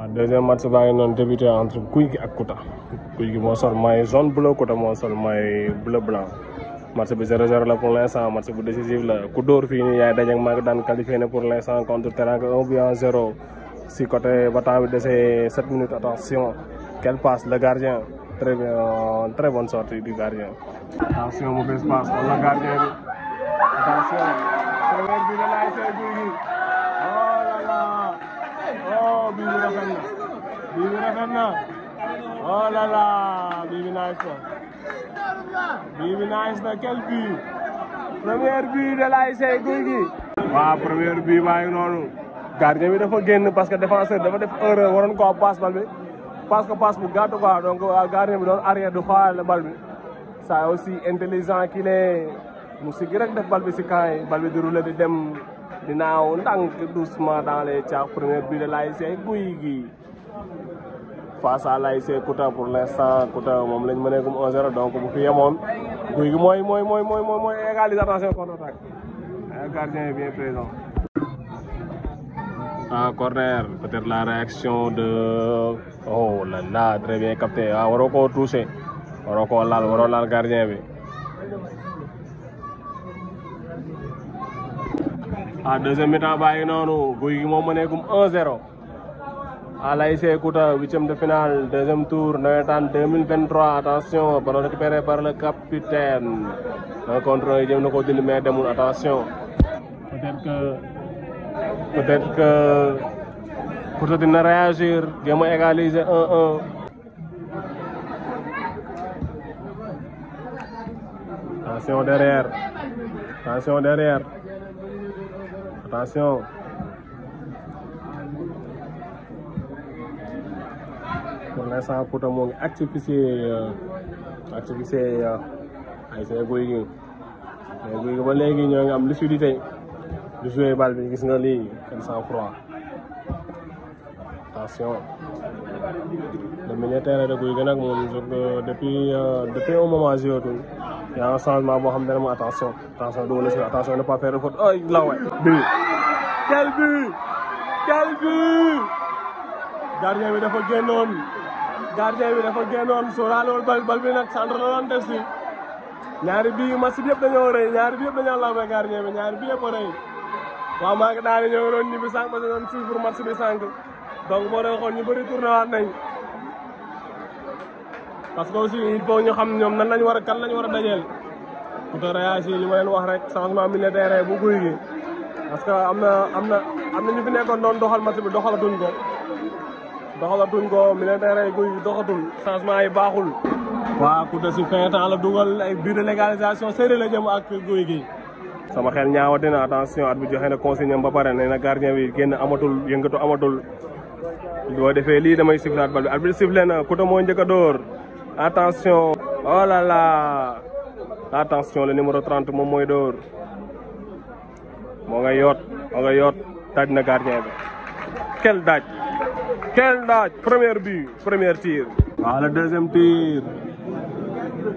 waaw ah, deuxième match baa ngi noonu débuté entre Gouy Gui ak Kouta Gouy Gui moo sol maillot bleu Kouta moo sol bleu blanc match bi 0-0 la pour l' instant bu décisif la ku dóor fii nii yaay daje maa ngi daan qualifié ne pour l' instant contre Teranga 1 but à 0 si côté ba temps bi desee 7 minutes attention quelle passe le gardien très bien très bonne sortie du gardien. attention mauvaise passe wala gardien bi attention. oh bii bi rafet na bii bi na oh là bii bi nice bii bi nice na quel but première but de l'ASC maa ngi noonu gardien bi defa génn parce que défenseur dafa def erreur waroon koo passe bal bi parce que passe bu gàtt a donc euh, gardien bi doon arrière du xoolal bal bi ça aussi intelligent qu'il est rek def bal bi si camp yi bal bi di rouler dem dinaaw ndànk doucement dans les tiers première but de l'ASC Gouy Gui face à l'ASC Kouta pour l'instant Kouta moom lañ mëneegum 1-0 donc bu fi yemoon Gouy Gui mooy mooy mooy mooy mooy mooy égalisation contre gardien est présent ah corner la réaction de oh là là très bien capté ah waroo koo touché waroo koo laal waroo laal gardien bi à deuxième mi-temps bayi nonu noonu guy gi moom mëneegum 1-0 à l'ASC Kouta huitième de finale deuxième tour nawetaan 2023 attention ballon récupéré par le capitaine un contre il dem nako dindi mais demul attention peut-être que peut-être que Kouta dina réagir jéem égaliser 1-1 attention derrière attention derrière Attention. Pour l'instant, Kouta moo ngi actifié actifié ay see guy gi mais guy gi ba léegi ñoo ngi am lucidité du jouer bal bi gis nga lii kenn sans froid attention le militaire de guy gi nag depuis depuis un moment Il y a un changement boo attention attention attention ne pas faire faute la quel but quel but bi dafa génnoon gardien bi dafa génnoon sóoraalool bal bal bi nag centre la doon def si ñaari bii match bi yëpp dañoo rëy ñaari bi yëpp dañoo lawbe gardien bi ñaari bi yëpp a rëy waaw maa ngi daal di ñëw doon ñibbi sànq parce que doon suivre match bi sànq donc boo doon xool ñu bëri tourné waat nañ parce que usi il faut ñu xam ñoom nan lañ war a kan lañ war a dajeel pour réagir ah, li ma leen wax rek changement militaire bu guy gi parce que am na am na am na ñu fi nekkoon doon doxal match bi doxalatuñ ko doxalatuñ ko militaire guy doxatul changement yi baaxul. waaw ku de si fin temps la dugal ay biir légalisation séeréer la jëm ak guy gi. sama xel ñaawati na attention at bi joxe na consigne am ba pare nee na gardien bi génn amatul yëngatu amatul boo defee lii damay siflaat bal bi at bi sifle na Couta moo njëkk a dóor attention oh là là attention le numéro trent moom mooy dóor. moo nga yoot moo na gardien bi quel daaj quel daaj première but première tir waaw ah, le deuxième tir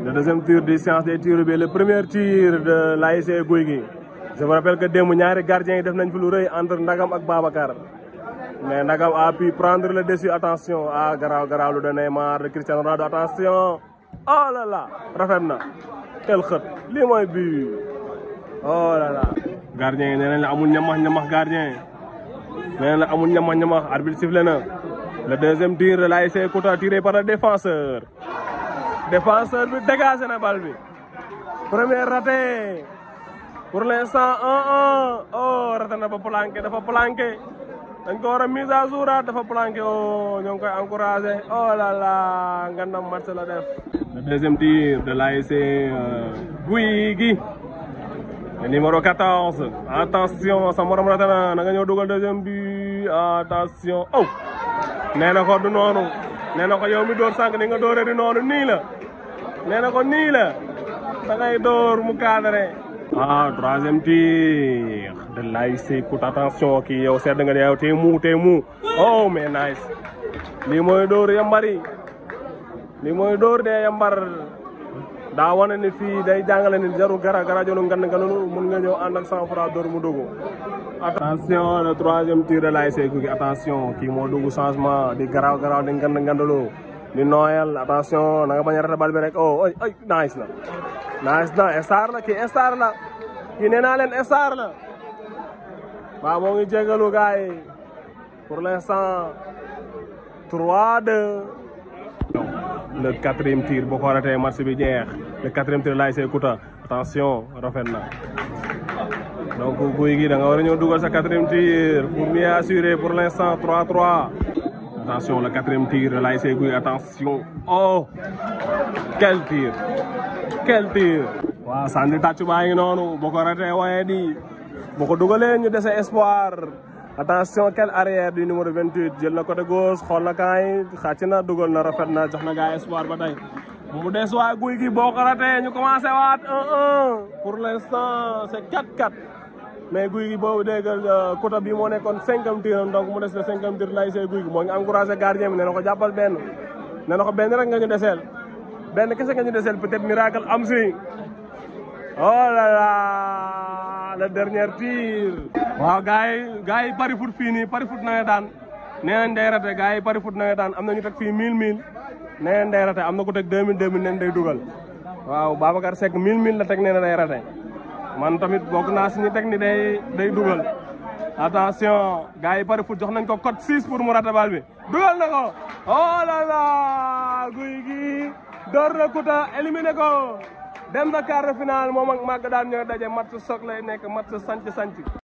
le deuxième tir du séance bi le premier tir de l'ASC Gouy Gui je vous rappelle que démb ñaari gardien yi def nañ fi entre Ndagam ak Babacar mais Ndagam a pu prendre la dessus attention garaaw garaaw lu de Neymar de Cristiano Ronaldo attention oh là là rafet na tel xët lii mooy but oh là là gardien yi nee nañ la amul ñamax ñamax gardien yi nee nañ la amul ñamax ñamax arbitre sifflé na le deuxième tir de l'ASC Kouta tiré par le défenseur défenseur bi dégagé na bal bi premier raté pour l'instant un un oh raté na ba planqué dafa planqué dañ ko war a mise à ah, dafa planqué oh ñoo ngi koy encouragé oh ngandam match la def le deuxième tir de l'ASC euh, le numéro 14 attention Samora Muratana na nga ñëw dugal deuxième bi attention oh néna na ko du noonu nee na ko yow mi door sànq ni nga dooree di noonu ni la nee na ko nii la da ngay door mu cadré ah troisième tir de l'ASC Kout attention kii yow sedd nga yow tey mu tey mu oh mais nice lii mooy door yambar yi lii door de yambar daa wane ne fii day jàngale ni jaru gara gara jonu ngan nganonu mun nga ñëw ànd ak cent franc door mu dugg attention le troisième tir de l'ASC Gouy attention moo dugg changement di garaaw garaaw di ngand ngandaloo di nooyal attention na nga bañ a rata bal bi rek oh ay ay nice la nice na star la kii star la kii nee naa leen star la trois deux le quatrième tir boo ko ratee match bi jeex le quatrième tir laay see Kouta attention rafet na donc guy gi da nga war a ñëw dugal sa quatrième tir pour mieux assurer pour l'instant 3-3 attention le quatrième tir de l'ASC Guy attention oh quel tir quel tir waaw sànni tàccu baa ngi noonu boo ko ratee waaye di boo ko dugalee ñu dese espoir attention quel arrière du numéro 28 jël na côté gauche xool na kaay xàcc na dugal na rafet na jox na ga espoir ba tey mu des waa guy gi boo ko ratee ñu commencé waat 1-1 pour l' instant c' est 4 mais guy gi boobu dégg euh, côté bi moo nekkoon cinquième tiram donc mu des le cinquième tir lay see guy gi moo ngi encouragé gardien bi nee na ko jàppal benn nee na ko benn rek nga ñu deseel benn kese nga ñu deseel peut-être miracle am si oh là là. Ah, le dernier tir. waaw gars yi gars yi pari foot fii nii pari foot nawetaan nee nañ day rate gars yi pari foot nawetaan am na ñu teg fii 1000 1000 nee nañ day rate am na ku teg 2000 2000 nee nañ day dugal waaw Babacar Seck 1000 1000 la teg nee na day rate man tamit bokk naa si ñu teg ni day day dugal attention gars yi pari foot jox nañ ko code 6 pour mu rate bal bi dugal na ko oh là là guy gi door na kuta éliminé ko. dem na quart de finale moom ak Maguette daal ñooy daje match soog lay nekk match sanc sanc